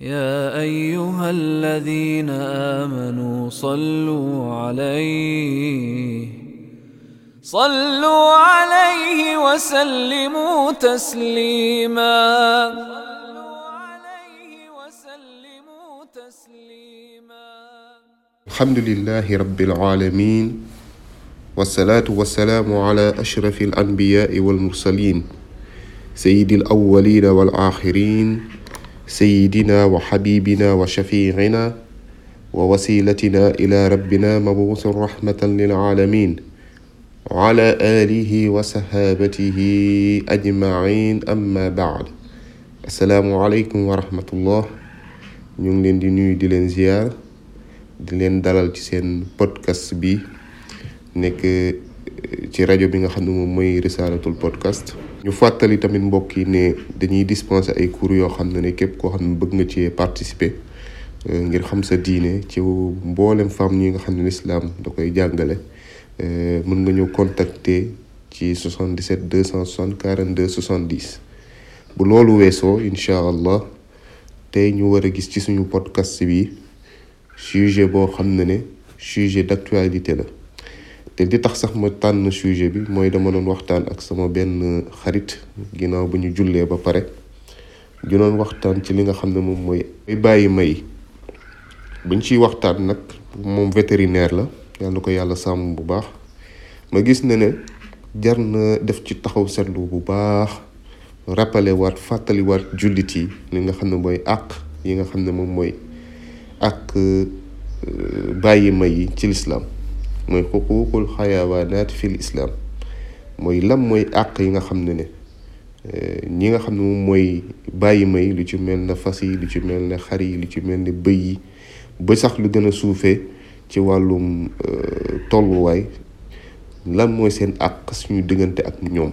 يا أيها الذين آمنوا صلوا عليه صلوا عليه وسلموا تسليما الحمد لله رب العالمين والصلاة والسلام على أشرف الأنبياء والمرسلين سيد الأولين والآخرين sayyidina wa xabibina wa shafiicina wa wasilatina ila rabbina mabuusu rahmatan lil aalamiin wa ala wa saxaabatihi ajmaciin amma bacd asalaamu aleykum wa rahmatullah ñu ngi leen di nuyu di leen ziyaar di leen dalal ci seen podcast bi nekk ci rajo bi nga xam ne moom mooy podcast ñu fàttali tamit mbokk yi ne dañuy dispenser ay cours yoo xam ne ne képp koo xam ne bëgg nga ci participer euh, ngir xam sa diine ci mboolem femme ñi nga xam ne lislaam da koy jàngale euh, mën nga ñëw contacter ci cent 77 260 42 70 bu loolu weesoo incha allah tey ñu war a gis ci suñu podcast bi sujet boo xam ne ne sujet d'actualité la te di tax sax ma tànn sujet bi mooy dama doon waxtaan ak sama benn xarit ginnaaw bu ñu jullee ba pare ju doon waxtaan ci li nga xam ne moom mooy bàyyi may buñ ciy waxtaan nag moom vétérinaire la yal ko yàlla sàmm bu baax ma gis ne ne jar na def ci taxaw seetlu bu baax rappelé waat fàttaliwaat jullit yi li nga xam ne mooy àq yi nga xam ne moom mooy àq euh, bàyyi may yi ci lislaam mooy xuquuqul xayawaanaat fil islam mooy lan mooy àq yi nga xam ne ne eh, ñi nga xam ne moom mooy bàyyi may lu ci mel na fas yi lu ci mel ne xar yi lu ci mel ne bëy yi ba sax lu gën a suufee ci wàllum eh, tolluwaay lan mooy seen àq suñu diggante ak ñoom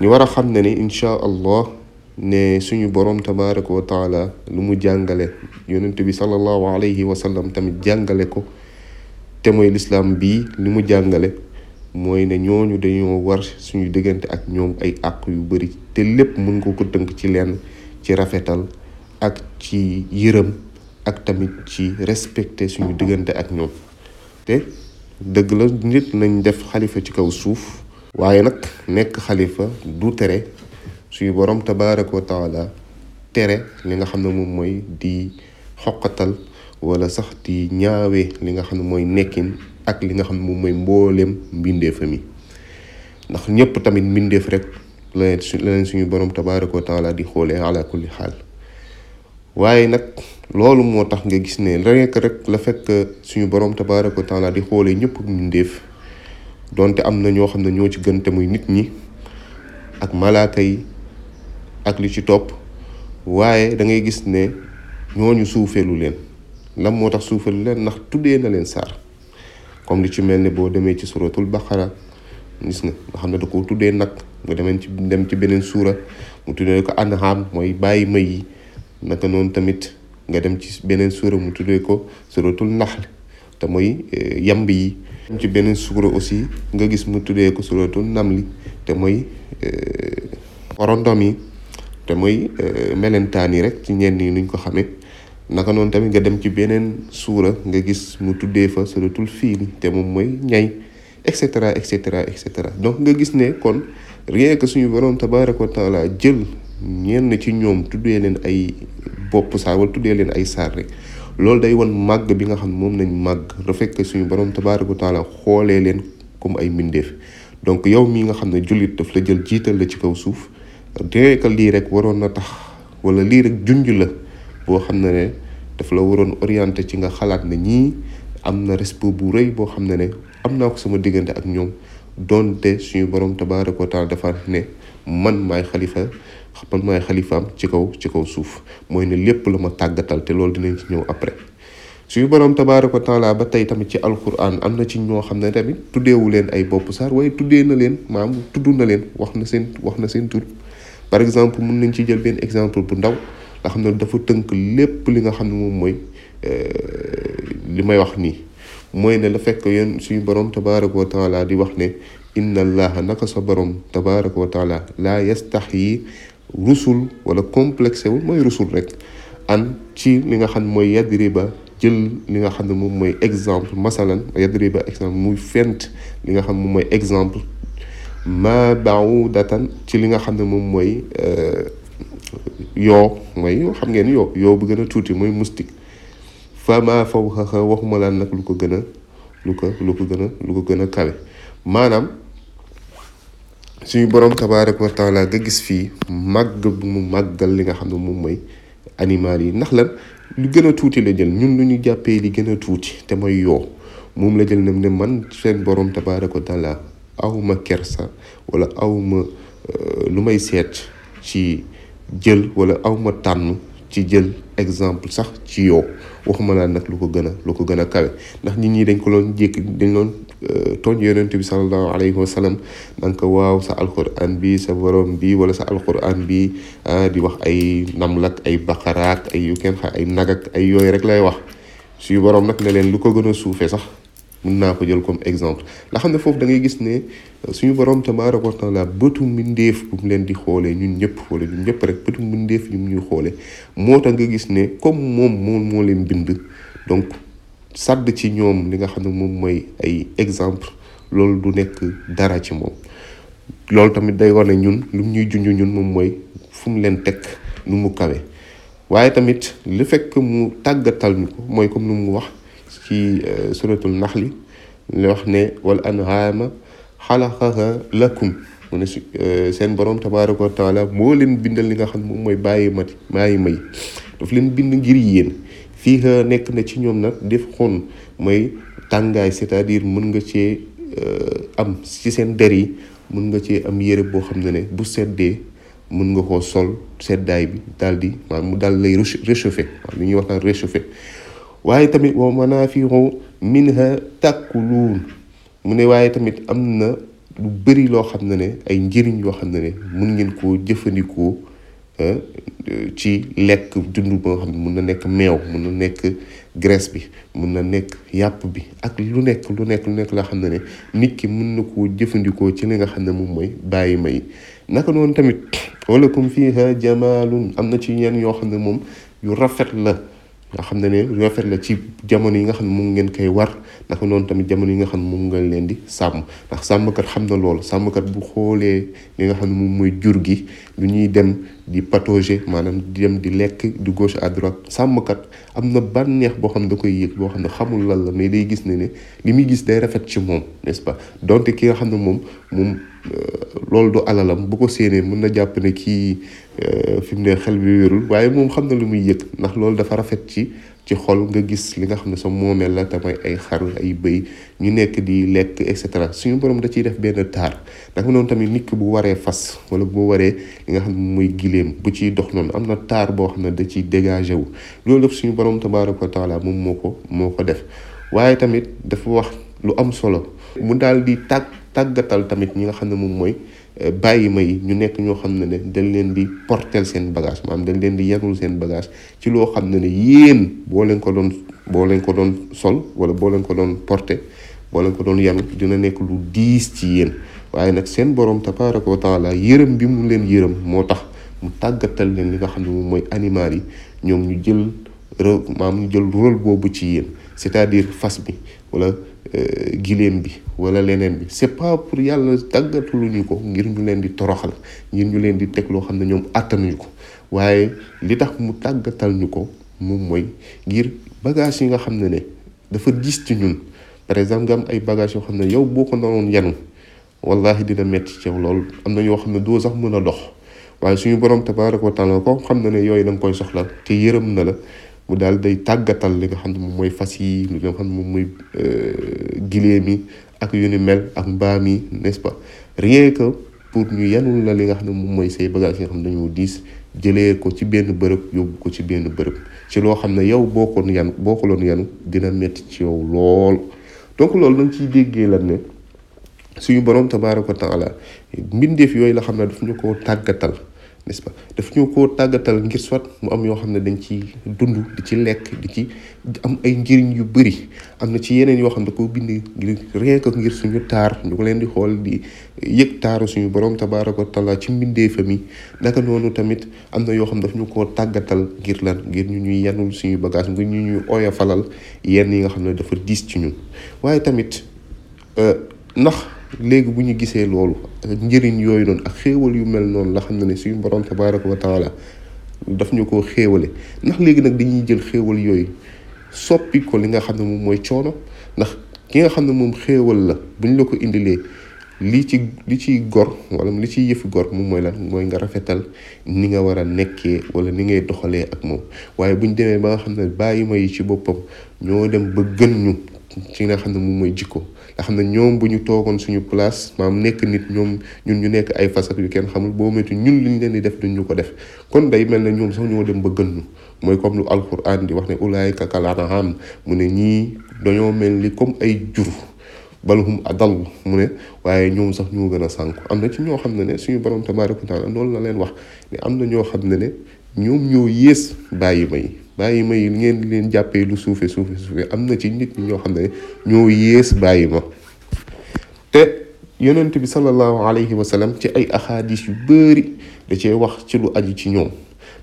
ñu war a xam ne ni incha allah ne suñu borom tabaraka wa taala lu mu jàngale yonent bi sallallahu alayhi wa sallam tamit jàngale ko te mooy lislaam bii li mu jàngale mooy ne ñooñu dañoo war suñu diggante ak ñoom ay àq yu bari te lépp mën ko ko tënk ci lenn ci rafetal ak ci yërëm ak tamit ci respecter suñu diggante ak ñoom te dëgg la nit nañ def xalifa ci kaw suuf waaye nag nekk xalifa du tere suñu borom tabaraka wa taala tere li nga xam ne moom mooy di xoqatal wala sax di ñaawee li nga xam ne mooy nekkin ak li nga xam ne moom mooy mbooleem mbindeefam yi ndax ñëpp tamit mbindeef rek la leen suñu borom tabaaraka wa taala di xoolee ala kulli xaal waaye nag loolu moo tax nga gis ne rek la fekk suñu borom tabaaraka wa taala di xoolee ñëpp mbindeef donte am na ñoo xam ne ñoo ci gën te muy nit ñi ak malaaka yi ak li ci topp waaye dangay gis ne ñooñu suufeelu leen lan moo tax suufal leen ndax tuddee na leen saar comme lu ci mel ni boo demee ci suratul baqara gis nga nga xam ne da koo tuddee nag nga demeen ci dem ci beneen suura mu tuddee ko anham mooy bàyyi may naka noonu tamit nga dem ci beneen suura mu tuddee ko suratul naxl te mooy eh, yamb yi ci beneen suura aussi nga gis mu tuddee ko suratul namli te mooy eh, korondom yi te mooy eh, melentaan yi rek ci ñenn yi nuñ ko xamee naka noonu tamit nga dem ci beneen suura nga gis mu tuddee fa suratul fiil te moom mooy ñay et cetera et cetera et cetera donc nga gis ne kon rien suñu borom tabaare ko taala jël ñenn ci ñoom tuddee leen ay bopp saar wala tuddee leen ay saar loolu day wan màgg bi nga xam ne moom nañ màgg refekk suñu borom tabaaraka wa taala xoolee leen comme ay mbindeef donc yow mii nga xam ne jullit daf la jël jiital la ci kaw suuf rien que lii rek waroon na tax wala lii rek junj la. boo xam ne ne daf la waroon orienté ci nga xalaat ne ñii am na respect bu rëy boo xam ne ne am naa ko sama diggante ak ñoom doonte suñu borom tabaaraka wa taala dafa ne man maay xalifa man maay xalifaam ci kaw ci kaw suuf mooy ne lépp la ma tàggatal te loolu dinañ après suñu borom tabaaraka wa taala ba tey tamit ci alquran am na ci ñoo xam ne tamit tuddeewu leen ay bopp saar waaye tuddee na leen maam tudd na leen wax na seen wax na seen tur par exemple mun nañ ci jël benn exemple bu ndaw nga xam ne dafa tënk lépp li nga xam ne moom mooy euh, li may wax nii mooy ne la fekk yéen suñu borom tabaraka wa di wax ne inna allaha naka sa borom tabaraka wa taala laa yastaxyi rusul wala complexé wu mooy rusul rek an ci li nga xam ne mooy ba jël li nga xam ne moom mooy exemple masalan yadriba exemple muy fent li xam moom mooy exemple ma baudatan ci li nga xam ne moom mooy euh, yoo mooy xam ngeen yoo bu gën tuuti mooy moustique fama faw xaxa nag lu ko gën a lu ko lu ko lu ko gën a kawe maanaam suñu borom tabaraka wa taala gis fii màgg mu màggal li nga xam ne moom mooy animal yi ndax lan lu gën a tuuti la jël ñun lu ñu jàppee li gën a tuuti te mooy yoo moom la jël nem ne man seen borom tabaraka wa taala awma kersa wala awma euh, lu may seet ci jël wala awma tànn ci jël exemple sax ci yow waxuma laa nag lu ko gën a lu ko gën a kawe ndax nit ñi dañ ko loon jékki dañ loon euh, tooñ yonent bi salallahu alayhi wa sallam nan ko waaw sa alquran bi sa borom bi wala sa alquran bi ah, di wax ay namlak ay baqaraak ay yu kenn xa ay nagak ay yooyu rek lay wax suñu borom nag ne leen lu ko gën a suufee sax mun naa ko jël comme exemple la xam ne foofu da gis ne euh, suñu borom tabaaraka wa taala bëtu mbindeef bu mu leen di xoolee ñun ñëpp xoole ñun ñëpp rek bëtu mbindeef ñu ñuy xoolee moo tax nga gis ne comme moom moom moo leen bind donc sàdd ci ñoom li nga xam ne moom mooy ay exemple loolu du nekk dara ci moom loolu tamit day wane ñun lu ñuy junj ñun moom mooy fu mu leen teg nu mu kawe waaye tamit li fekk mu tàggatal ñu ko mooy comme lu mu wax ci euh, suratul naxli li wax ne wal an'aama xalaqaha lakum mu ne euh, seen borom tabaraka wa moo leen bindal li nga xam ne moom mooy bàyyi mati bàyyi may daf leen bind ngir yéen fii nekk na ci ñoom nag def xon mooy tàngaay c'est-à-dire mën nga cee euh, am ci seen der mën nga cee am yére boo xam ne ne bu seddee mën nga koo sol seddaay bi daal di maanaam mu daal lay réchauffé waaw li ñuy wax daal réchauffé waaye tamit wa manaafi'u minha ta'kuluun mu ne waaye tamit am na bëri loo xam ne ne ay njëriñ yoo xam ne ne mun ngeen koo jëfandikoo eh, ci lekk dund ba nga mun na nekk meew mun na nekk graisse bi mun na nekk yàpp bi ak lu nekk lu nekk lu nekk loo xam ne ne nit ki mun na koo jëfandikoo ci li nga xam ne moom mooy bàyyi may naka noonu tamit walakum fiha jamaalun am na ci yenn yoo xam ne moom yu rafet la nga xam ne ne rafet la ci jamono yi nga xam ne moom ngeen koy war naka noonu tamit jamono yi nga xam ne moom ngeen leen di sàmm ndax sàmmkat xam na loolu sàmmkat bu xoolee li nga xam ne moom mooy jur gi lu ñuy dem di patauger maanaam di dem di lekk di gauche à droite sàmmkat am na bànneex boo xam ne da koy yëg boo xam ne xamul lan la mais day gis ne ne li muy gis day rafet ci moom n'est-ce pas donte ki nga xam ne moom moom euh, loolu du alalam bu ko séenee mun na jàpp ne kii euh, fi mu ne xel bi wérul waaye moom xam na lu muy yëg ndax loolu dafa rafet ci ci xol nga gis li nga xam ne sa moomeel la te mooy ay xar ay bëy ñu nekk di lekk et cetera suñu borom da ciy def benn taar naka noonu tamit nit ki bu waree fas wala bu waree li nga xam ne muy gileem bu ciy dox noonu am na taar boo xam ne da ciy dégagé wu loolu def suñu borom tabaaraka ko taala moom moo ko moo ko def waaye tamit dafa wax lu am solo mu daal di tàgg tàggatal tamit ñi nga xam ne moom mooy bàyyi ma yi ñu nekk ñoo xam ne ne dañ leen di portel seen bagage maanaam dañ leen di yarul seen bagage ci loo xam ne ne yéen boo leen ko doon boo leen ko doon sol wala boo leen ko doon porté boo ko doon yanu dina nekk lu diis ci yéen waaye nag seen borom tabaraka wa taala yërëm bi mu leen yërëm moo tax mu tàggatal leen li nga xam ne moom mooy animal yi ñoom ñu jël maam ñu jël rôle boobu ci yéen c'est-à-dire fas bi wala Euh, giléem bi wala leneen bi c'est pas pour yàlla tàggatuluñu ko ngir ñu leen di toroxal ngir ñu leen di teg loo xam ne ñoom àttanuñu ko waaye li tax mu tàggatal ñu ko moom mooy ngir bagage yi nga xam ne ne dafa diis ci ñun par exemple nga am ay bagage yoo xam ne yow boo ko naroon yanu wallahi dina metti ci lool am na ñoo xam ne doo sax mën a dox waaye suñu borom tabaraka wa taala ko xam na ne yooyu da nga koy soxla te yërëm na la mu daal day tàggatal li nga xam ne moom mooy fas yi li nga xam ne moom mooy euh, gileem yi ak yu ni mel ak mbaam yi n'est-ce pas pour ñu yanul la li nga xam ne moom mooy say bagage yi nga xam ne dañoo diis jëlee ko ci benn bërëb yóbbu ko ci benn bërëb ci loo xam ne yow boo ko yanu boo ko dina metti ci yow lool donc loolu dañ ciy déggee lan ne suñu borom tabaaraka wa taala mbindeef yooyu la xam ne daf ñu ko tàggatal n'est-ce pas daf ñoo ko tàggatal ngir sot mu am yoo xam ne dañ ci dund di ci lekk di ci am ay njëriñ yu bëri am na ci yeneen yoo xam ne ko bind ngir rien ngir suñu taar ñu ko leen di xool di yëg taaru suñu borom tabaaraka wa ci mbindee famille naka noonu tamit am na yoo xam ne daf ñu ko tàggatal ngir lan ngir ñu ñuy yanul suñu bagage ngir ñu ñuy falal yenn yi nga xam ne dafa diis ci ñun waaye tamit euh, ndax léegi bu ñu gisee loolu njëriñ yooyu noonu ak xéewal yu mel noonu la xam ne ne suñu borom tabaraka wa taala daf ñu ko xéewale ndax léegi nag di ñuy jël xéewal yooyu soppi ko li nga xam ne moom mooy coono ndax ki nga xam ne moom xéewal la bu ñu la ko indilee lii ci li ciy gor wala li ciy yëfi gor moom mooy lan mooy nga rafetal ni nga war a nekkee wala ni ngay doxalee ak moom waaye buñ demee ba nga xam ne bàyyi ma yi ci boppam ñoo dem ba gën ñu ci nga xam ne moom mooy jikko xam ne ñoom bu ñu toogoon suñu place maam nekk nit ñoom ñun ñu nekk ay façade yu kenn xamul boo métti ñun liñ leen di def duñ ñu ko def kon day mel ne ñoom sax ñoo dem ba gën ñu mooy comme di wax ne ulaayka kal an'aam mu ne ñii dañoo mel ni comme ay jur balhum adal mu ne waaye ñoom sax ñoo gën a sànku am na ci ñoo xam ne ne suñu borom tabaaraka wa taala loolu la leen wax ne am na ñoo xam ne ne ñoom ñoo yées bàyyi may bàyyi ma yi ngeen leen jàppee lu suufe suufe suufe am na ci nit ñi ñoo xam ne ñoo yées bàyyi ma te yonent bi sallallahu alayhi wa sallam ci ay axaadis yu bëri da cee wax ci lu aju ci ñoom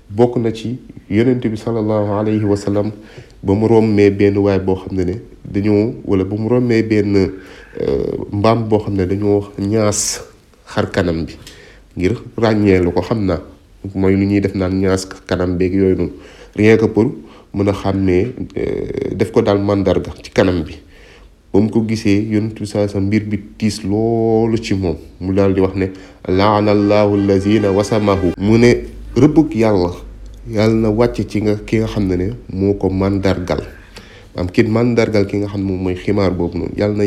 bokk na ci yonent bi sallallahu alayhi wa sallam ba mu rommee benn waay boo xam ne ne dañoo wala ba mu rommee benn euh, mbaam boo xam ne dañoo ñaas xar kanam bi ngir ràññee lu ko xam naa mooy lu ñuy def naan ñaas kanam beek yooyu noonu rien que pour mën a xam ne euh, def ko daal mandarga ci kanam bi ba mu ko gisee yonentu saa sa mbir bi tiis loolu ci moom mu daal di wax ne laana allahu allazina wasamahu mu ne rëbbug yàlla yàlla na wàcc ci nga ki nga xam ne ne moo ko màndargal am kii mandargal ki nga xam ne moom mooy ximaar boobu noonu yàlla na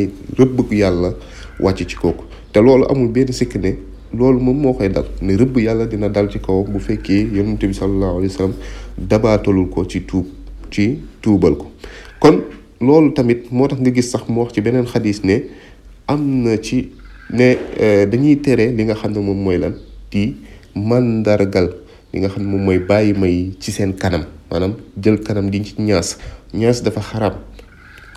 yàlla wàcc ci kooku te loolu amul benn sikk ne loolu moom moo koy dal ne rëbb yàlla dina dal ci kaw bu fekkee yonent bi sallallahu alayhi wa sallam dabaatalul ko ci tuub ci tuubal ko kon loolu tamit moo tax nga gis sax mu wax ci beneen xadis ne am na ci ne euh, dañuy tere li nga xam ne moom mooy lan di màndargal li nga xam ne moom mooy bàyyi may ci seen kanam maanaam jël kanam di ci ñaas ñaas dafa xaram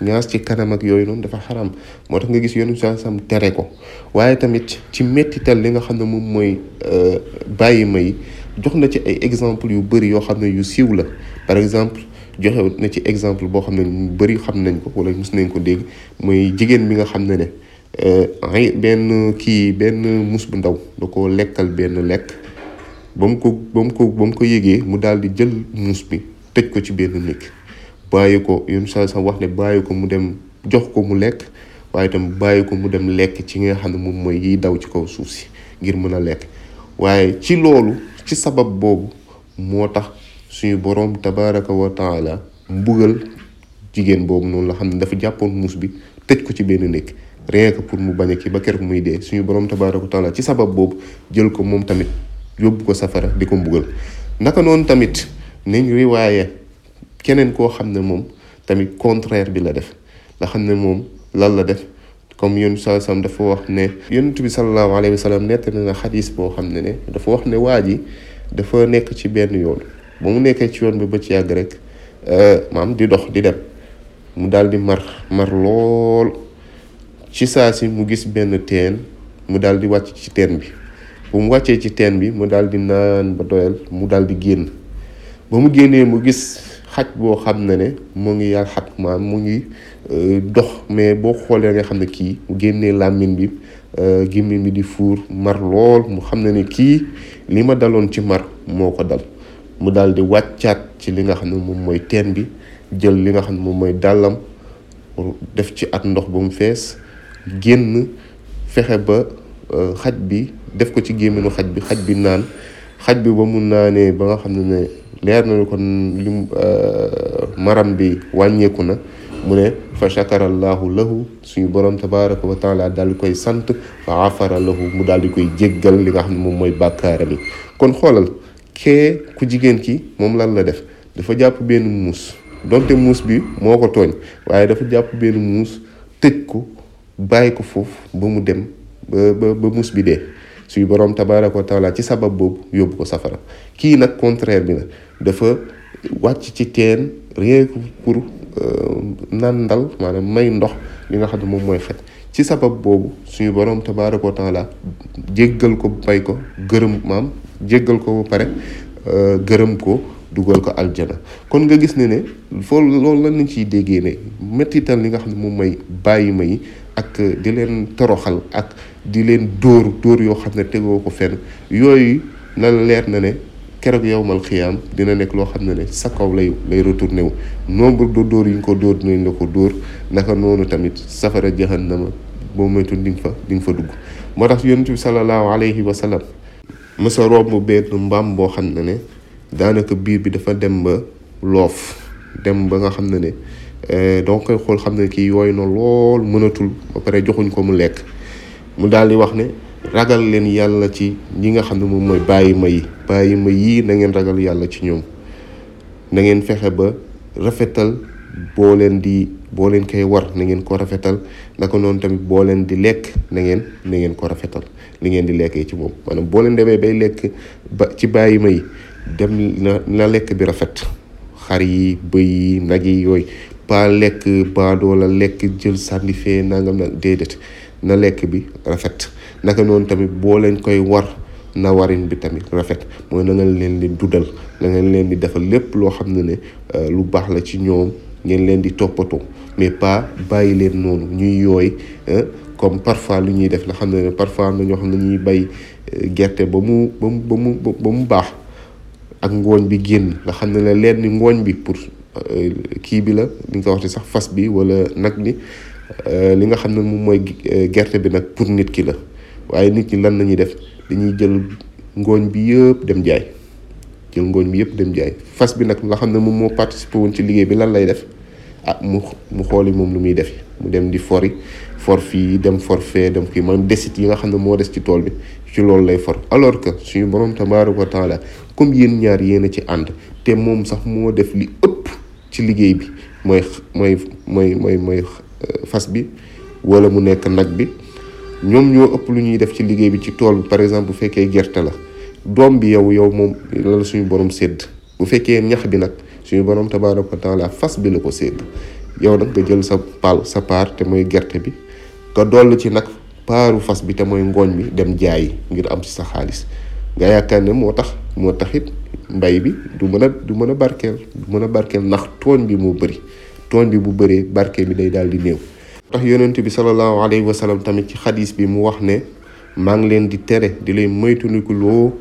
ñaas ci kanam yooyu noonu dafa xaram moo tax nga gis yoonu saa sam tere ko waaye tamit ci mettital li nga xam ne moom mooy euh, bàyyi may jox na ci ay exemple yu bëri yoo xam ne yu siiw la par exemple joxe na ci exemple boo xam ne ñu bëri xam nañ ko wala mus nañ ko dégg mooy jigéen bi nga xam ne ne euh, ay benn kii benn mus bu ndaw da ko lekkal benn lekk ba mu ko ba mu ko ba mu ko yëgee mu daal di jël muus bi tëj ko ci benn néeg bàyyi ko yoon sa sa wax ne bàyyi ko mu dem jox ko mu lekk waaye itam bàyyi ko mu dem lekk ci nga xam ne moom mooy yiy daw ci kaw suuf si ngir mën a lekk waaye ci loolu ci sabab boobu moo tax suñu boroom tabaraka wa taala mbugal jigéen boobu noonu la xam ne dafa jàppoon muus bi tëj ko ci benn néeg rien pour mu bañ a ba kër muy dee suñu boroom tabaraka wa taala ci sabab boobu jël ko moom tamit yóbbu ko safara di ko mbugal naka noonu tamit nañ riwaaye keneen koo xam ne moom tamit contraire bi la def nga xam ne moom lan la def comme yonent bi sallam dafa wax ne yonent bi sallallahu alayhi wa sallam nett na xadis boo xam ne ne dafa wax ne waa ji dafa nekk ci benn yoon ba mu nekkee ci yoon bi ba ci yàgg rek euh, maam di dox di dem mu daal di mar mar lool ci saa si mu gis benn teen mu daal di wàcc ci teen bi bu mu wàccee ci teen bi mu daal di naan ba doyal mu daal di génn ba mu génnee mu gis xaj boo xam ne ne mu ngi yar xat maam mu ngi euh, dox mais boo xoolee nga xam ne kii mu génnee làmmiñ bi euh, gémmiñ bi di fuur mar lool mu xam ne ne kii li ma daloon ci mar moo ko dal mu dal di wàccaat ci li nga xam ne moom mooy teen bi jël li nga xam ne moom mooy dàllam def ci at ndox ba mu fees génn fexe ba euh, xaj bi def ko ci gémmiñu xaj bi xaj bi naan xaj bi ba mu naanee ba nga xam ne leer nañu kon lim euh, maram bi wàññeeku na mu ne fa chakarallahu lahu suñu borom tabaraka wa taala daal di koy sant fa afara lahu mu daal di koy jéggal li nga xam ne moom mooy bàkkaaram bi kon xoolal kee ku jigéen ki moom lan la def dafa jàpp benn muus donte muus bi moo ko tooñ waaye dafa jàpp benn muus tëj ko bàyyi ko foofu ba mu dem ba ba muus bi dee suñu borom tabaraka wa taala ci sabab boobu yóbbu ko safara kii nag contraire bi nag dafa wàcc ci teen rien que pour euh, naan ndal maanaam may ndox li nga xam ne moom mooy xet ci sabab boobu suñu borom tabaraka wa taala jéggal ko bay ko gërëm maam jéggal ko ba pare euh, gërëm ko dugal ko aljana kon nga gis ne ne foofu loolu lan lañ ciy déggee ne mettital li nga xam ne moom may bàyyi ma yi ak di leen toroxal ak di leen dóor dóor yoo xam ne tegoo ko fenn yooyu nan leer na ne keroog yowmal xiyaam dina nekk loo xam ne ne sa kaw lay lay retourné wu nombre de dóor yi ñu ko dóor dinañ la ko dóor naka noonu tamit safara jahannama boo moytu di nga fa di nga fa dugg moo tax yonent bi salallaahu alayhi wa sallam mësa romb benn mbaam boo xam ne ne daanaka biir bi dafa dem ba loof dem ba nga xam ne ne eh, donc koy xool xam ne kii yooyu na lool mënatul ba pare joxuñ ko mu lekk mu daal di wax ne ragal leen yàlla ci ñi nga xam ne moom mooy bàyyi ma yi bàyyi ma yii na ngeen ragal yàlla ci ñoom nangeen fexe ba rafetal boo leen di boo leen koy war na ngeen ko rafetal naka noonu tamit boo leen di lekk na ngeen na ngeen ko rafetal li ngeen di lekkee ci moom maanaam boo leen demee bay lekk ba ci bàyyi ma yi dem na lekk bi rafet xar yi bëy yi nag yi yooyu ba lekk baadoo la lekk jël sànni fee nangam nag déedéet na lekk bi rafet naka noonu tamit boo leen koy war na warin bi tamit rafet mooy na ngeen leen di dudal na ngeen leen di defal lépp loo xam ne ne euh, lu baax la ci ñoom ngeen leen di toppatoo mais pas bàyyi leen noonu ñuy yooy euh, comme parfois lu ñuy def nga xam ne ne na ñoo xam ne ñuy bay euh, gerte ba mu ba baax ak ngooñ bi génn nga xam ne leen ni ngooñ bi pour kii bi la li nga ko wax sax fas bi walla nag bi Euh, li nga xam ne moom mooy euh, gerte bi nag pour nit ki la waaye nit ñi lan la ñuy def dañuy jël ngooñ bi yëpp dem jaay jël ngooñ bi yëpp dem jaay fas bi nag nga xam ne moom moo participé woon ci liggéey bi lan lay def ah mu mu xooli moom lu muy def mu dem di fori for fii dem for fee dem kii maanaam desit yi nga xam ne moo des ci tool bi ci loolu lay for alors que suñu borom tabaaraka wa taala comme yéen ñaar yéen a ci ànd te moom sax moo def li ëpp ci liggéey bi mooy mooy mooy mooy mooy Euh, fas bi wala mu nekk nag bi ñoom ñoo ëpp lu ñuy def ci liggéey bi ci tool bi par exemple bu fekkee gerte la doom bi yow yow moom la suñu borom sedd bu fekkee ñax bi nag suñu borom tabaaraka wa fas bi la ko sédd yow nag jël sa pal sa paar te mooy gerte bi nga doll ci nag paaru fas bi te mooy ngooñ bi dem jaayi ngir am si sa xaalis nga yaakaar ne moo tax moo taxit mbay bi du mën a du mën a barkeel du mën a barkeel ndax tooñ bi moo bari tooñ bi bu bëree barke bi day daal di néew tax yonent bi sallallahu alayhi wa sallam tamit ci xadis bi mu wax ne maa ngi leen di tere di leen moytandiku loo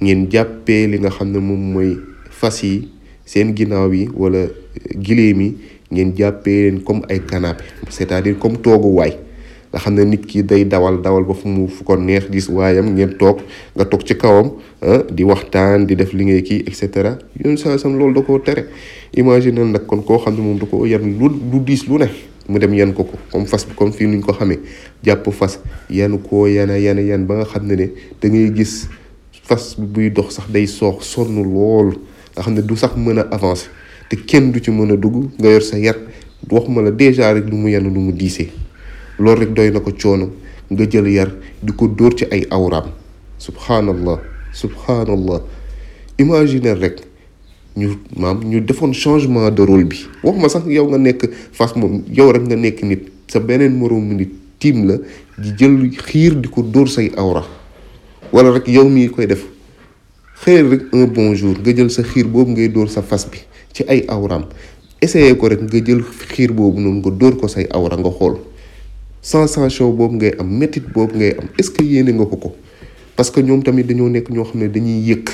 ngeen jàppee li nga xam ne moom mooy fas yi seen ginnaaw yi wala giléem yi ngeen jàppee leen comme ay canapé c'est-à-dire comme tooguwaay nga xam ne nit kii day dawal dawal ba fu mu fu ko neex gis waayam ngeen toog nga toog ci kawam ah, di waxtaan di def li ngay kii et cetera yoon saa loolu da koo tere imagine nag kon koo xam ne moom da ko yan lu lu diis lu ne mu dem yan ko ko comme fas bi comme fii nuñ ko xamee jàpp fas yan koo yana yana yan ba xam ne ne da ngay gis fas buy dox sax day soox sonn lool nga xam ne du sax mën a avancer te kenn du ci mën a dugg nga yor sa yat waxuma la déjà rek lu mu yan lu mu diisee loolu rek doy na ko coono nga jël yar di ko dóor ci ay awraam subhanallah subhanallah imaginer rek ñu maam ñu defoon changement de rôle bi wax ma sax yow nga nekk fas moom yow rek nga nekk nit sa beneen moroom mu nit tiim la di jël xiir di ko dóor say awra walla rek yow mii koy def xëyal rek un bon jour nga jël sa xiir boobu ngay dóor sa fas bi ci ay awraam essayé ko rek nga jël xiir boobu noonu dóor ko say awra nga xool sensation boobu ngay am métit boobu ngay am est-ce que yéene nga ko ko parce que ñoom tamit dañoo nekk ñoo xam ne dañuy yëkk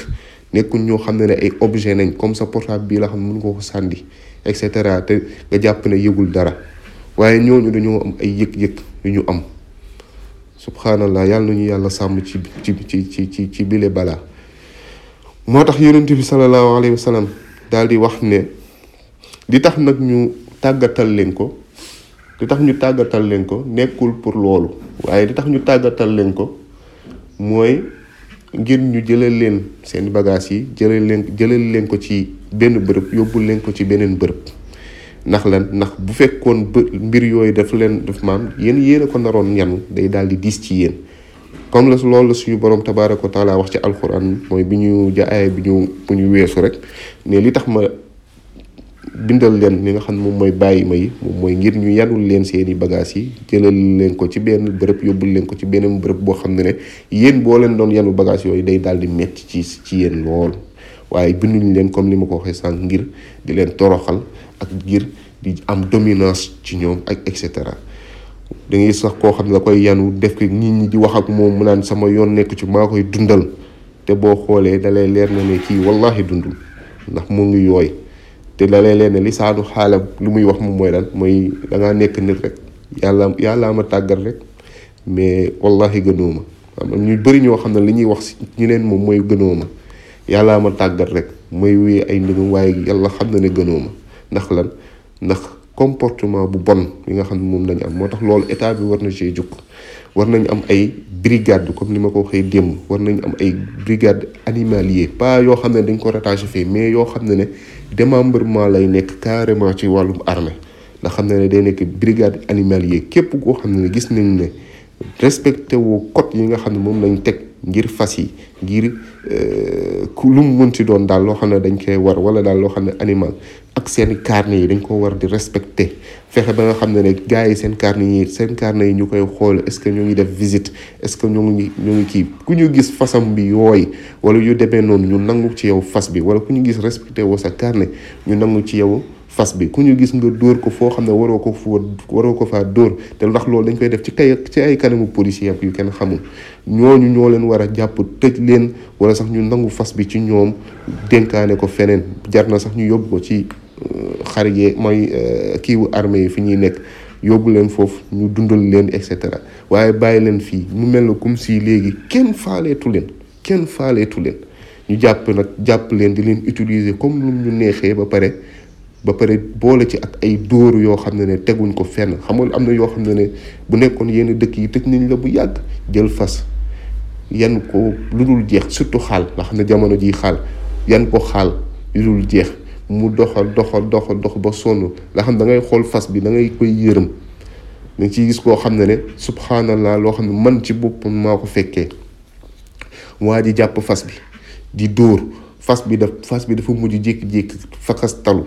nekkuñ ñoo xam ne ne ay objet nañ comme sa portable bii la xam ne mën nga ko sànni et cetera te nga jàpp ne yëgul dara waaye ñooñu dañoo am ay yëg-yëg yu ñu am subhanallah yàlla ñu yàlla sàmm ci ci ci ci ci bile balaa moo tax yonent bi sallallahu alayhi wa sallam daal di wax ne di tax nag ñu tàggatal leen ko li tax ñu tàggatal leen ko nekkul pour loolu waaye li tax ñu tàggatal leen ko mooy ngir ñu jëlal leen seen bagage yi jëlal leen jëlal leen ko ci benn bërëb yóbbul leen ko ci beneen bërëb ndax lan ndax bu fekkoon bë mbir yooyu daf leen daf maam yéen yéen a ko naroon ñan day daal di diis ci yéen comme la loolu la suñu borom tabaaraka wa taala wax ci alxuraan mooy bi ñu ja aaya bi ñu bu ñu weesu rek ne li tax ma dindal leen li nga xam ne moom mooy bàyyi ma yi moom mooy ngir ñu yanul leen seeni bagages yi jëlal leen ko ci benn bërëb yóbbul leen ko ci beneen bërëb boo xam ne ne yéen boo leen doon yanu bagages yooyu day daal di metti ci ci yéen lool waaye binduñ leen comme li ma ko waxee sànq ngir di leen toroxal ak ngir di am dominance ci ñoom ak et cetera da sax koo xam ne da koy yanu def ko nit ñi di wax ak moom mu naan sama yoon nekk ci maa koy dundal te boo xoolee dalay leer na ne kii wallahi dundul ndax mu ngi te la lay li lisaanu xaalam lu muy wax moom mooy lan mooy dangaa nekk nit rek yàlla yàllaa ma tàggat rek mais wallahi gënoo ma am ñu bëri ñoo xam ne li ñuy wax si ñi leen moom mooy gënoo ma yàllaa ma tàggat rek mooy wéy ay ndëgam waaye yàlla xam na ne gënoo ma ndax lan ndax comportement bu bon bi nga xam ne moom lañu am moo tax loolu état bi war na see jukk war nañ am ay brigade comme ni ma ko waxee démb war nañu am ay brigade animalier pas yoo xam ne dañ ko rattaché fii mais yoo xam ne ne démembrement lay nekk carrément ci wàllum armée ndax xam ne ne day nekk brigade animalier képp koo xam ne gis nañ ne respecté woo code yi nga xam ne moom lañ teg ngir fas yi ngir euh, ku lu mu mënti doon daal loo xam ne dañ koy war wala daal loo xam ne animal ak seen carnet yi dañ ko war di respecté fexe ba nga xam ne ne gars yi seen carnet yi seen yi ñu koy xool est-ce que ñoo ngi def visite est-ce que ñoo ngi ñoo ngi kii ku ñu gis fasam bi yooy wala yu demee noonu ñu nangu ci yow fas bi wala ku ñu gis respecté woo sa carnet ñu nangu ci yow. fas bi ku ñu gis nga dóor ko foo xam ne waroo ko foo waroo ko faa dóor te ndax loolu dañ koy def ci kay ci ay kanamu policier ak yu kenn xamul ñooñu ñoo leen war a jàpp tëj leen wala sax ñu nangu fas bi ci ñoom dénkaane ko feneen jar na sax ñu yóbbu ko ci euh, xar yee mooy euh, kiiwu armée yi fi ñuy nekk yóbbu leen foofu ñu dundal leen et cetera waaye bàyyi leen fii mu mel na comme si léegi kenn faaleetu leen kenn faaleetu leen ñu jàpp nag jàpp leen di leen utiliser comme lu ñu neexee ba pare ba pare boole ci ak ay dóor yoo xam ne ne teguñ ko fenn xamul am na yoo xam ne ne bu nekkoon yenn dëkk yi tëj nañ la bu yàgg jël fas yan ko lu dul jeex surtout xaal nga xam ne jamono ji xaal yan ko xaal lu dul jeex mu doxal doxal doxa dox ba sonn nga xam da ngay xool fas bi dangay ngay koy yërëm dañ ciy gis koo xam ne ne subhanallah loo xam ne man ci boppam maa ko fekkee waa ji jàpp fas bi di dóor fas bi daf fas bi dafa mujj jékki-jékki fakkas talu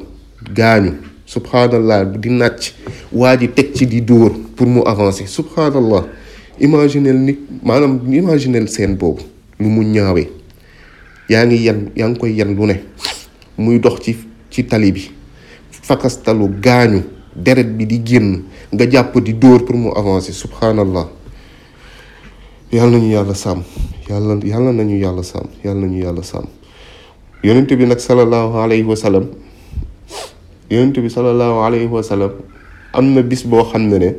gaañu subhanallah di nàcc waa ji teg ci di dóor pour mu avancer subhanallah imaginel nit maanaam imaginel seen boobu lu mu ñaawee yaa ngi yan yaa ngi koy yan lu ne muy dox ci ci tali bi fakastalu gaañu deret bi di génn nga jàpp di dóor pour mu avancer subhanallah yàlla nañu yàlla sàmm yàlla yàlla nañu yàlla sàmm yàlla nañu yàlla sàmm yonent bi nag sallallahu alayhi wa sallam yonent bi sallallahu alayhi wa sallam am na bis boo xam ne ne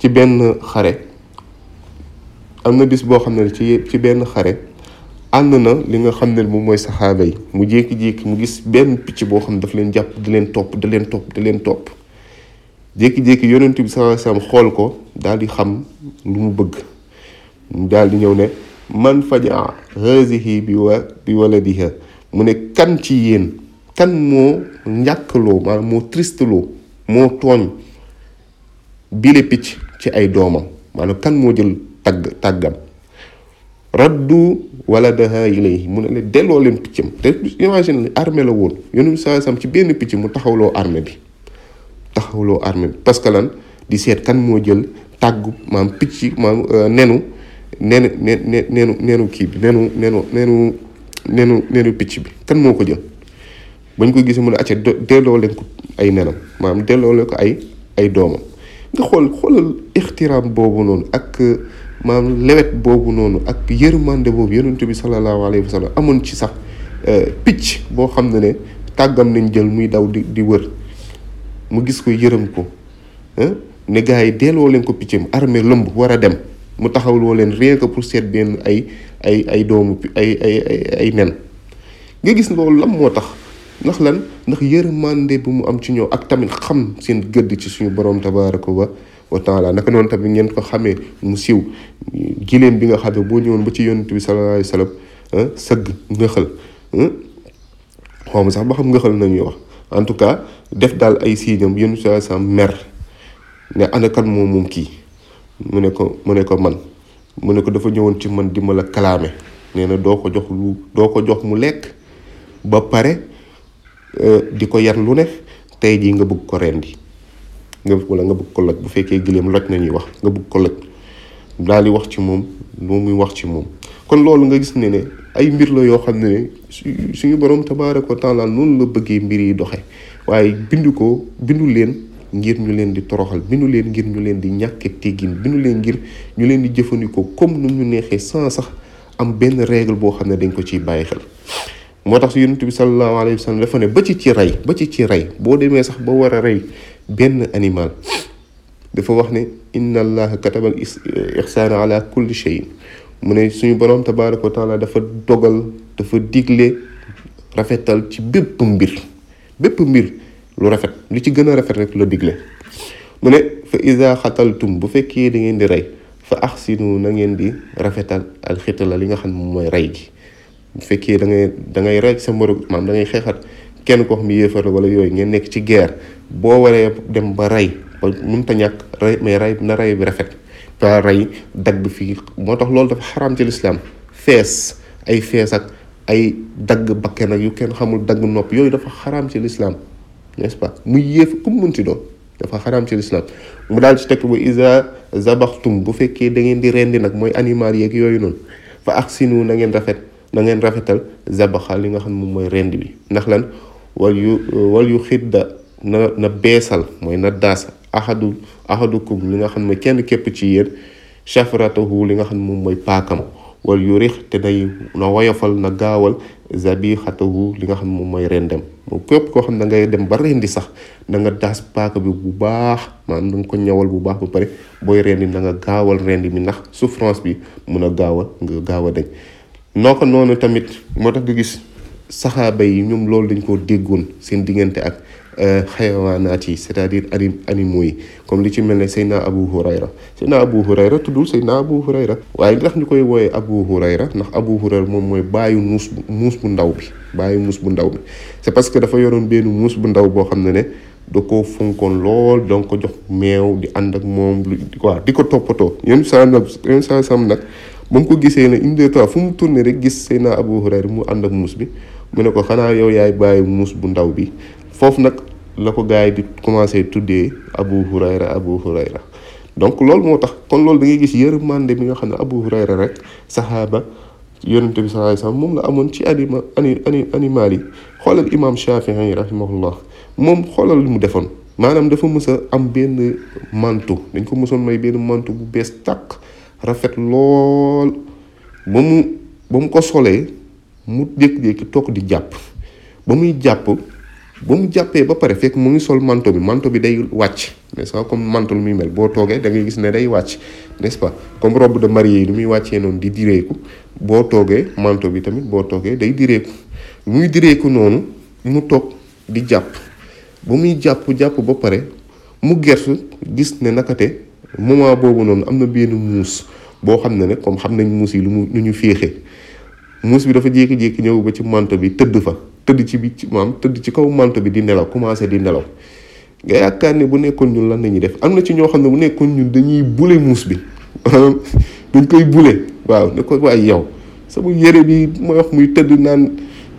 ci benn xare am na bis boo xam ne ci ci benn xare ànd na li nga xam ne moom mooy saxaaba yi mu jékki-jékki mu gis benn picc boo xam ne daf leen jàpp da leen topp da leen topp da leen topp jékki-jékki yonent bi sallallahu alayhi wa xool ko daal di xam lu mu bëgg mu daal di ñëw ne man faja hazihi bi wa bi waladiha mu ne kan ci yéen kan moo njàkkaloo maanaam moo tristeloo moo tooñ bile picc ci ay doomam walla kan moo jël tagg tàggam raddu waladaha ilayhi mu ne leen delloo leen piccam te imagine armée la woon yonent bi sallallahu ci benn picc mu taxawloo armée bi taxawloo armée bi parce que lan di seet kan moo jël tàggu maam picc maam euh, nenu nenu kii bi nenu nenu nenu nenu nenu picc bi kan moo ko jël bañ ko gisee mu ne acca delloo leen ko ay nenam maanaam delloo leen ko ay ay doomam nga xool xoolal ixtiraam boobu noonu ak euh, maanaam lewet boobu noonu ak yërmande boobu yonent bi sallallahu alayhi wa sallam amoon ci sax euh, picc boo xam ne ne tàggam nañ jël muy daw di di wër mu gis ko yërëm ko ne gars yi delloo leen ko piccam armée lëmb war a dem mu taxawloo leen rien que pour seet benn ay ay ay doomu ay ay ay nen nga gis loolu lam moo tax ndax lan ndax yërmande bu mu am ci ñëw ak tamit xam seen gëdd ci suñu borom tabaraka wa taala naka noonu tamit ngeen ko xamee mu siiw giléem bi nga xam boo ñëwoon ba ci yonent bi sallallahu alayhi wasallam ah, sëgg ngëxal ah, xaw ma sax ba xam ngëxal nañuy wax en tout cas def daal ay siinam yonent bi sallallahu alayhi wasallam mer ne ana kan moom moom kii mu ne ko mu ne ko man mu ne ko dafa ñëwoon ci man di ma la kalaame nee na doo ko jox doo ko jox mu lekk ba pare Euh, di ko yar lu ne tey jii nga bëgg ko rendi nga wala nga bëgg ko loj bu fekkee gileem loj nañuy wax nga bugg ko loj daal di wax ci moom lu muy wax ci moom kon loolu nga gis ne ne ay mbir la yoo xam ne su suñu borom tabaaraka ko taala noonu la bëggee mbir yi doxe waaye bindu ko bindu leen ngir ñu leen di toroxal bindu leen ngir ñu leen di ñàkke teggin bindu leen ngir ñu leen di jëfandikoo comme nu ñu neexee sans sax am benn régle boo xam ne dañ ko ci bàyyi moo tax yonent bi sallallahu alayhi wa sallam dafa ne ba ci ci rey ba ci ci rey boo demee sax ba war a rey benn animal dafa wax ne inna allaha katabal ihsaana ala kulli shay'in mu ne suñu borom tabaraka wa taala dafa dogal dafa digle rafetal ci bépp mbir bépp mbir lu rafet lu ci gën a rafet rek la digle mu ne fa iza xataltum bu fekkee da ngeen di rey fa axsinu na ngeen di rafetal al xitala li nga xam ne mooy rey ji bu fekkee da ngay da ngay rey sa moroom maanaam da ngay xeexat ko xam ne wala yooyu ngeen nekk ci guerre boo waree dem ba rey ba mënta ñàkk rey na rey bi rafet ba dagg fii moo tax loolu dafa xaraam ci lislaam fees ay fees ak ay dagg bakken yu kenn xamul dagg nopp yooyu dafa xaraam ci lislaam n'est-ce pas muy yéef ku mu mënti dafa xaraam ci lislaam mu daal ci tekk ba isa bu fekkee da ngeen di rendi nag mooy animal yeeg yooyu noonu fa axsinu na ngeen rafet na ngeen rafetal zabaxa li nga xam ne moom mooy rend bi ndax lan wal yu wal yu xidda na na beesal mooy na daas axadu axadukum li nga xam ne kenn képp ci yéen chafratahu li nga xam ne moom mooy paakam wal yu te nay na woyofal na gaawal zabixatahu li nga xam ne moom mooy rendem moom képp koo xam ne da ngay dem ba rendi sax na nga daas paaka bi bu baax maanaam da nga ko ñawal bu baax ba pare booy rendi na nga gaawal rendi mi ndax souffrance bi mun a gaawal nga gaaw a dañ noo ko noonu tamit moo tax nga gis saxaaba yi ñoom loolu dañ koo déggoon seen diggante ak euh, xayawaanaat yi c'est-à-dire anim animaux yi comme li ci mel ne Seydina Abu Hurayra Seydina Abu Hurayra tuddul Seydina Abu Hurayra waaye li tax ñu koy wooyee Abu Hurayra ndax Abu Hurayra moom mooy bàyyi muus muus bu ndaw bi bàyyi muus bu ndaw bi c'est parce que dafa yoroon benn muus bu ndaw boo xam ne ne da koo fonkoon lool donc jox meew di ànd ak moom lu waaw di ko toppatoo yéen saa yéen saa sam nag ba mu ko gisee ne une fu mu tourné rek gis Seydina Abu Hurayra mu ànd ak muus bi mu ne ko xanaa yow yaay bàyyi muus bu ndaw bi foofu nag la ko gars yi di commencé tuddee Abu Hurayra Abu Hurayra donc loolu moo tax kon loolu da ngay gis yërmande bi nga xam ne Abu Hurayra rek saxaaba yonent bi sallallahu alayhi wasallam moom la amoon ci anima ani ani animal yi xoolal imaam Shafi'i rahimahullah moom xoolal lu mu defoon maanaam dafa mës a am benn mantu dañ ko mësoon may benn mantu bu bees tàkk rafet lool ba mu ba mu ko solee mu jékki-jékki toog di jàpp ba muy jàpp ba mu jàppee ba pare fekk mu ngi sol manto bi manto bi day wàcc n'est-ce comme manto lu muy mel boo toogee da gis ne day wàcc nest pa pas comme robe de mariée yi lu muy wàccee noonu di direeku boo toogee manto bi tamit boo toogee day direeku muy direeku noonu mu toog di jàpp ba muy jàpp jàpp ba pare mu gert gis ne nakate moment boobu noonu am na benn muus boo xam ne ne comme xam nañ muus yi lu mu lu ñu féexee muus bi dafa jékki-jékki ñëw ba ci manto bi tëdd fa tëdd ci bi ci maam tëdd ci kaw manto bi di nelaw commencé di nelaw nga yaakaar ne bu nekkoon ñun lan la ñuy def am na ci ñoo xam ne bu nekkoon ñun dañuy bule muus bi maanaam dañ koy bule waaw ne ko waaye yow sama yére bi mooy wax muy tëdd naan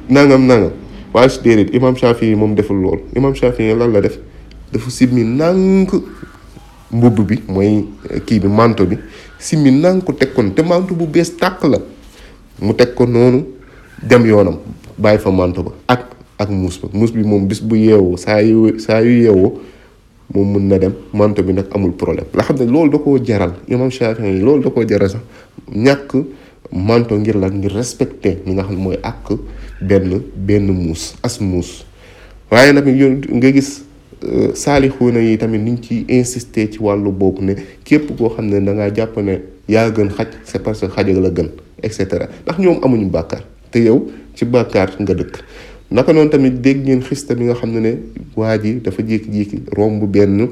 nangam nangam waaye si déedéet imam Shafi moom deful lool imam Shafi lan la def mbubb bi mooy eh, kii bi manto bi simmi nank ko teg kon te manto bu bees tàq la mu teg ko noonu dem yoonam bàyyi fa manto ba ak ak muus ba muus bi moom bis bu yeewoo saa yu saa yu yeewoo moom mun na dem manto bi nag amul problème la xam ne loolu da koo jaral imam Shafi'i yi loolu da koo jaral sax ñàkk manto ngir lan ngir respecté li nga xam ne mooy ak benn benn muus as muus waaye nag nga gis saalixuuna yi tamit niñ ci insister ci wàllu boobu ne képp koo xam ne da ngaa jàpp ne yaa gën xaj c'est parce que xaj la gën et cetera ndax ñoom amuñu bàkkaar te yow ci bàkkaar nga dëkk naka noonu tamit dégg ngeen xista bi nga xam ne ne waa ji dafa jékki-jékki romb benn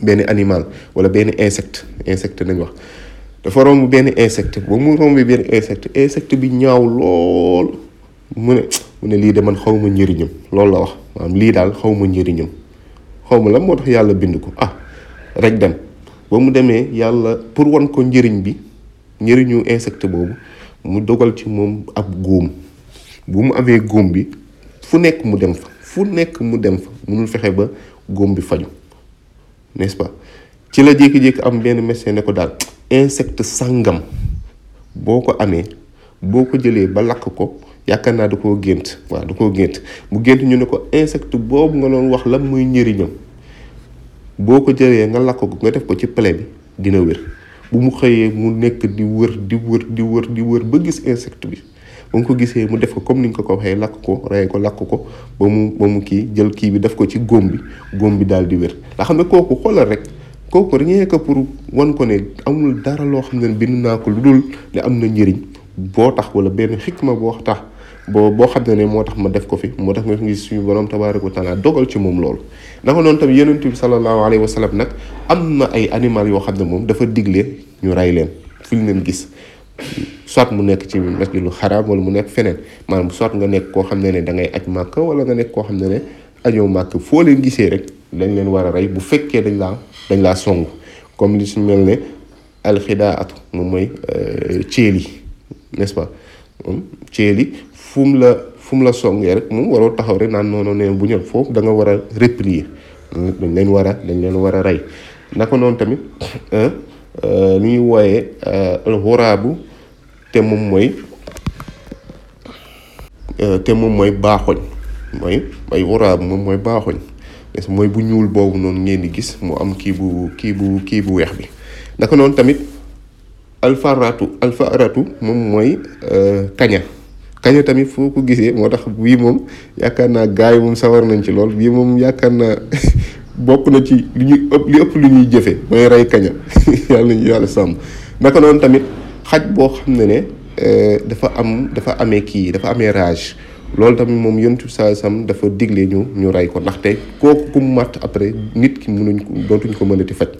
benn animal wala benn insecte insecte nañ wax dafa romb benn insecte ba mu romb benn insecte insect bi ñaaw lool mu ne mu ne lii de man xaw ma njëriñam loolu la wax maanaam lii daal xaw ma njëriñam xaw ma lan moo tax yàlla bind ko ah rek dem ba mu demee yàlla pour wan ko njëriñ bi njëriñu insect boobu mu dogal ci moom ab góom bu mu amee góom bi fu nekk mu dem fa fu nekk mu dem fa munul fexe ba góom bi faju nes ce ci la jékki-jékki am benn médecin ne ko daal insect sàngam boo ko amee boo ko jëlee ba lakk ko yaakaar naa da koo gént waaw du ko gént mu gént ñu ne ko insect boobu nga doon wax lan muy njëriñam boo ko jëlee nga lakk ko nga def ko ci plaie bi dina wér bu mu xëyee mu nekk di wër di wër di wër di wër ba gis insecte bi ba mu ko gisee mu def ko comme ni nga ko waxee lakk ko rey ko lakk ko mu ba mu kii jël kii bi def ko ci góom bi góom bi daal di wér nga xam ne kooku xoolal rek kooku rien ko pour wan ko ne amul dara loo xam ne bind naa ko lu dul ne am na njëriñ boo tax wala benn xikma boo tax boo boo xam ne ne moo tax ma def ko fi moo tax ma def ngi suñu borom tabaaraka wa taala dogal ci moom loolu naka noonu tamit yonent bi sallallahu alayhi wa sallam nag am na ay animal yoo xam ne moom dafa digle ñu rey leen fi ñu leen gis soit mu nekk ci masjidul xaraam wala mu nekk feneen maanaam soit nga nekk koo xam ne ne da ngay aj wala nga nekk koo xam ne ne ajoo màkk foo leen gisee rek dañ leen war a rey bu fekkee dañ laa dañ laa song comme li su mel ne alxidaatu moom mooy euh, céeli n'est-ce pas céeli fum la fum la songee rek moom waroo taxaw rek naan noonu neen bu ñëw foofu danga war a replier dañ leen war a dañ leen war a rey naka noonu tamit lu euh, ñuy wooyee horaabu euh, te moom mooy euh, te moom mooy baaxoñ mooy ay horaabu moom mooy baaxoñ mooy bu ñuul boobu noonu ngeen di gis mu am kii bu kii bu kii bu weex bi naka noonu tamit alfaratu alfaratu moom mooy kaña kañu tamit foo ko gisee moo tax bii moom yaakaar naa gars yi moom sawar nañ ci lool bii moom yaakaar naa bokk na ci li ñuy ëpp li ëpp lu ñuy jëfe mooy rey kaña yàlla nañu yàlla sàmm naka noonu tamit xaj boo xam ne ne euh, dafa am dafa amee kii dafa amee rage loolu tamit moom yontu saa sam dafa digle ñu ñu rey ko ndaxte kooku ku mat après nit ki mënuñ ko dootuñ ko mënati faj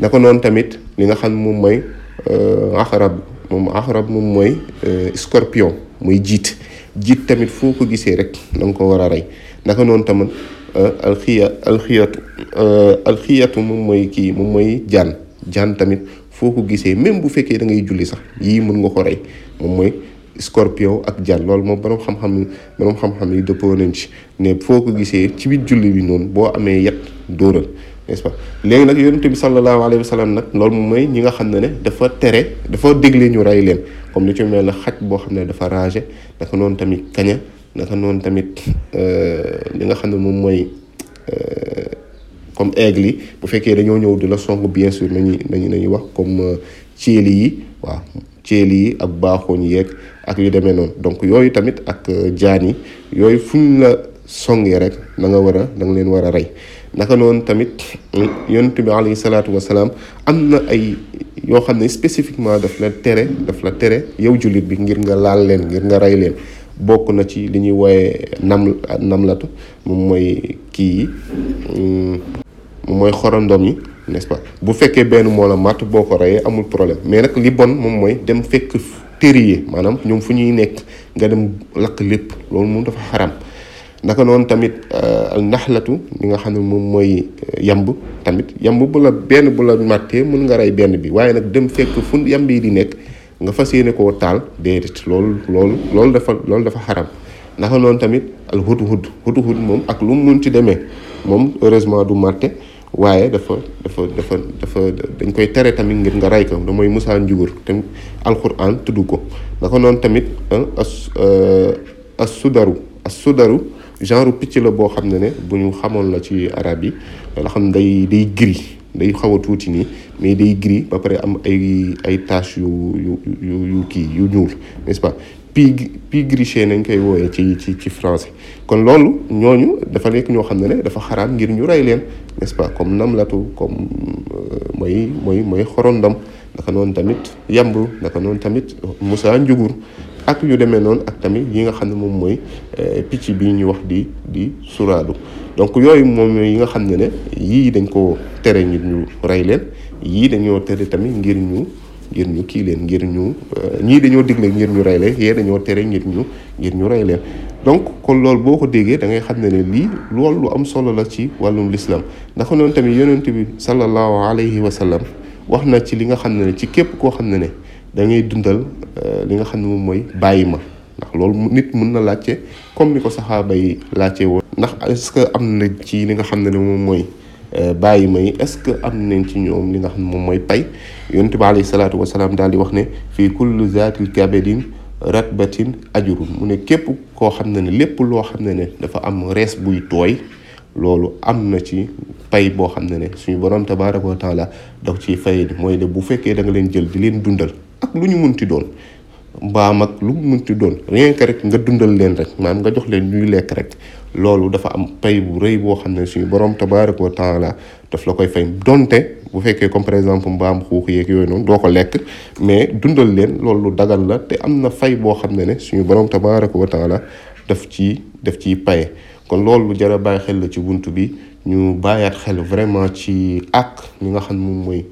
naka noonu tamit li nga xam moom mooy euh, axarab moom axarab moom mooy euh, scorpion muy jiit jiit tamit foo ko gisee rek na nga ko war a rey naka noonu tamit euh, alxiya alxiyatu euh, alxiyatu moom mooy kii moom mooy jaan jaan tamit foo ko gisee même bu fekkee da ngay julli sax yii mën nga ko rey moom mooy scorpion ak jaan loolu moom borom xam-xam borom xam-xam yi dëppoo nañ ci ne foo ko gisee ci biir julli bi noonu boo amee yat dóoral nest léegi nag yonent bi sallallahu alayhi wa sallam nag loolu moom mooy ñi nga xam ne ne dafa tere dafa digle ñu rey leen comme li ci mel ne xaj boo xam ne dafa noonu tamit kaña naka noonu tamit euh, li nga xam ne moom mooy euh, comme aigle yi bu fekkee dañoo ñëw di la song bien sûr nañuy nañu nañuy wax comme euh, ceeli yi waaw ceeli yi ak baaxooñ yeeg ak yu demee noonu donc yooyu tamit ak jaan yi yooyu fuñ la songee rek na nga war a da leen war a rey naka noonu tamit euh, yonent bi alayhi salaatu wasalaam am na ay yoo xam ne spécifiquement daf la tere daf la tere yow jullit bi ngir nga laal leen ngir nga rey leen bokk na ci li ñuy wooye nam namlatu moom mooy kii yi euh, moom mooy xorandoom yi n'est-ce bu fekkee benn moo la matt boo ko reyee amul problème mais nag li bon moom mooy dem fekk terrier maanaam ñoom fu ñuy nekk nga dem lakk lépp loolu moom dafa xaram naka noonu tamit euh, al naxlatu li nga xam ne moom mooy euh, yamb tamit yamb bu la benn bu la màttee mun nga rey benn bi waaye nag dem fekk fu yamb yi di nekk nga fas yéene koo taal déedéet loolu loolu loolu dafa loolu dafa xaram naka noonu tamit al hudhud hudhud moom ak lu mu mun ci demee moom heureusement du màtte waaye dafa dafa dafa dafa dañ koy tere tamit ngir nga rey ko da mooy musaa njugur te alquran tudd ko naka noonu tamit ah, as euh, as sudaru as sudaru genre picc la boo xam ne ne bu ñu xamoon la ci arab yi nga xam day day gris day xaw a tuuti nii mais day gris ba pare am ay ay taches yu yu yu yu kii yu ñuul n'est-ce pas pie pie griché nañ koy wooye ci ci ci français kon loolu ñooñu dafa nekk ñoo xam ne ne dafa xaraat ngir ñu rey leen n'est-ce pas comme namlatu comme euh, mooy mooy mooy xorondom naka noonu tamit yamb naka noonu tamit Moussa Ndiogur ak yu demee noonu ak tamit yi nga xam ne moom mooy euh, picc bi ñuy wax di di suraadu donc yooyu moom yi nga xam ne ne yii dañ ko tere ngir ñu rey leen yii dañoo tere tamit ngir ñu ngir ñu kii leen ngir ñu euh, ñii dañoo digle ngir ñu rey leen yee dañoo tere ngir ñu ngir ñu rey leen donc kon lool boo ko déggee da ngay xam ne ne lii lool lu am solo la ci wàllum lislaam ndax noonu tamit yonent bi sallallahu alayhi wa wax na ci li nga xam ne ne ci képp koo xam ne ne da ngay dundal euh, li nga xam ne moom mooy bàyyi ma ndax loolu nit mën na laajte comme ni ko saxaaba yi laajte woon ndax est-ce que am na ci li nga xam ne moom mooy euh, bàyyi ma yi ce que am nañ ci ñoom li nga xam ne moom mooy pay yonent bi alayhi salaatu wasalaam daal di wax ne fii kullu zaatil kabadin ratbatin ajurun mu ne képp koo xam ne ne lépp loo xam ne ne dafa am rees buy tooy loolu am na ci pay boo xam ne ne suñu borom tabaaraka wa taala daf ci fay mooy de bu fekkee da nga leen jël di leen dundal ak lu ñu mun ti doon mbaam ak lu mu munti doon rien que rek nga dundal leen rek maanaam nga jox leen ñuy lekk rek loolu dafa am pay bu rëy boo xam ne suñu borom tabaaraka wa taala daf la koy fay donte bu fekkee comme exemple mbaam xuux yeeg yooyu noonu doo ko lekk mais dundal leen loolu lu dagal la te am na fay boo xam ne ne suñu borom tabaaraka wa taala daf ci def ciy paye kon loolu lu jar a bàyyi xel la ci bunt bi ñu bàyyaat xel vraiment ci ak li nga xam moom mooy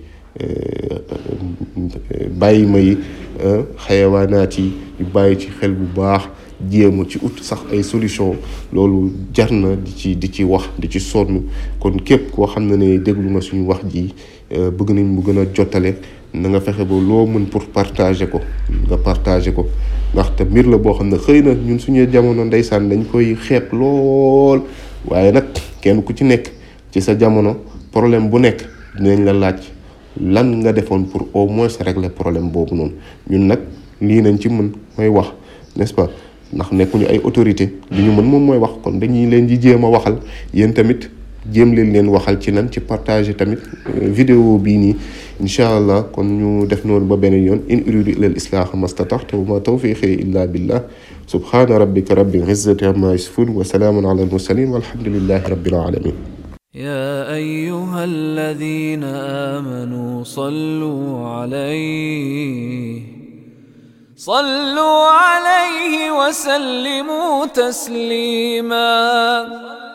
bàyyi may yi euh, xayawaanaat yi ñu bàyyi ci xel bu baax jéem ci ut sax ay solution loolu jar na di ci di ci wax di ci sonn kon képp koo xam ne ne déglu nga suñu wax ji euh, bëgg nañ mu gën a jottale na nga fexe ba loo mën pour partager ko nga partager ko ndaxte mbir la boo xam ne xëy na ñun suñu jamono ndeysaan dañ koy xeeb lool waaye nag kenn ku ci nekk ci sa jamono problème bu nekk dinañ la laaj lan nga defoon pour au moins régler problème boobu noonu ñun nag lii nañ ci mën mooy wax n'est-ce pas ndax nekkuñu ay autorité li ñu mën moom mooy wax kon dañuy leen di jéem a waxal yéen tamit jéem leen leen waxal ci lan ci partager tamit euh, vidéo bii nii incha allah kon ñu def noonu ba beneen yoon in uridu ila al islaaha mastataxtu wa ma tawfiqi illa billah subhana rabbika rabbil a amma yasifun wa salaamun ala al walhamdulillahi rabbil alamin يا أيها الذين آمنوا صلوا عليه صلوا عليه وسلموا تسليماً